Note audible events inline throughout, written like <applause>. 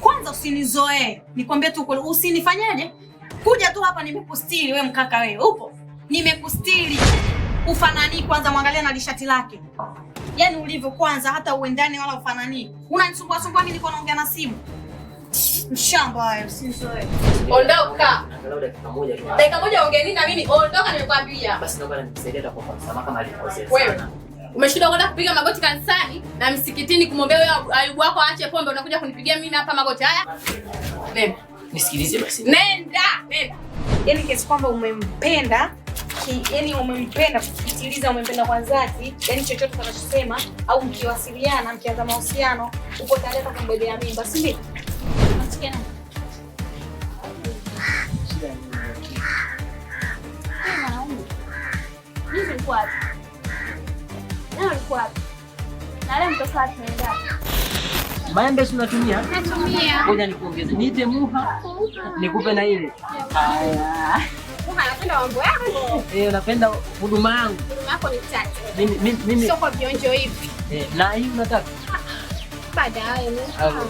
Kwanza usinizoee, nikwambie tu ukweli, usinifanyaje kuja tu hapa. Nimekustiri we mkaka, wewe upo, nimekustiri ufanani. Kwanza mwangalia na lishati lake, yaani ulivyo, kwanza hata uendane wala ufanani. Unanisumbua sumbua, mimi niko naongea na simu Mshamba ondoka. Dakika moja ongeni na mimi, ondoka nimekwambia. Wewe umeshindwa kwenda kupiga magoti kanisani na msikitini kumwombea aibu wako, aache pombe, unakuja kunipigia mimi hapa magoti haya. Nenda. Nisikilize basi. Nenda, nenda. Yaani kiasi kwamba umempenda yaani umempenda kupitiliza, umempenda kwa dhati, yaani chochote unachosema au mkiwasiliana, mkianza mahusiano, uko tayari kumbebea mimba, si ndio? Maembe si unatumia? Natumia. Ngoja nikuongeze. Niite Muha. Nikupe na ile. Haya. Muha anapenda mambo yako. Eh, unapenda huduma yangu. ni tatu. Mimi mimi sio kwa vionjo hivi. Eh, na hii unataka? baadaye.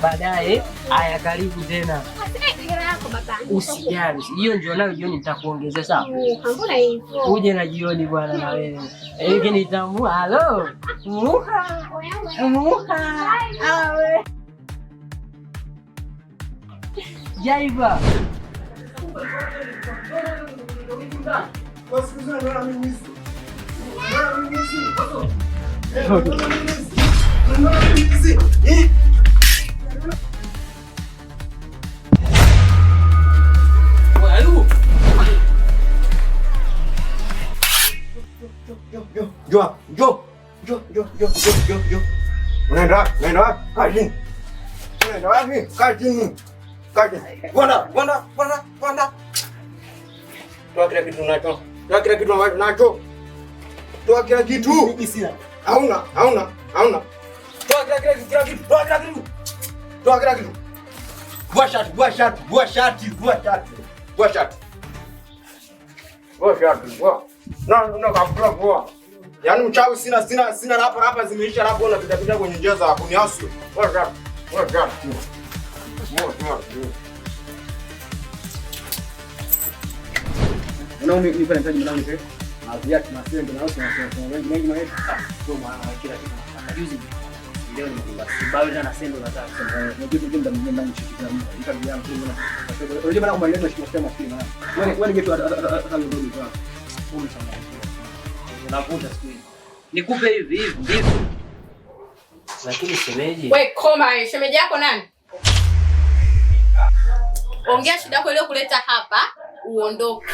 Baadaye. Haya, karibu tena. Usijali, hiyo ndio nayo jioni nitakuongezea sawa. Uje na jioni bwana na wewe. Eh, Hiki nitambua. Halo. Muha. Muha. Awe. Jaiba. <laughs> Toa kila kitu nacho. Toa kila kitu. Hauna, hauna, hauna. Toa kila kitu. Vua shati, vua shati, vua shati, vua shati. Vua shati. Vua shati, vua. Na ndio kafura vua. Yaani mchawi sina sina sina hapa hapa zimeisha na pita pita kwenye njia za kuniasu. Vua shati. Vua shati. Vua shati. Mwanao mimi nipa nitaji mwanao nipe. Maziati, masio ndio nao tunasema wengi wengi maisha. Kwa maana kila kitu. Juzi. Nikupe hivi hivi ndivyo. Lakini shemeji. Wewe koma, shemeji yako nani? Ongea shida yako ile kuleta hapa uondoke.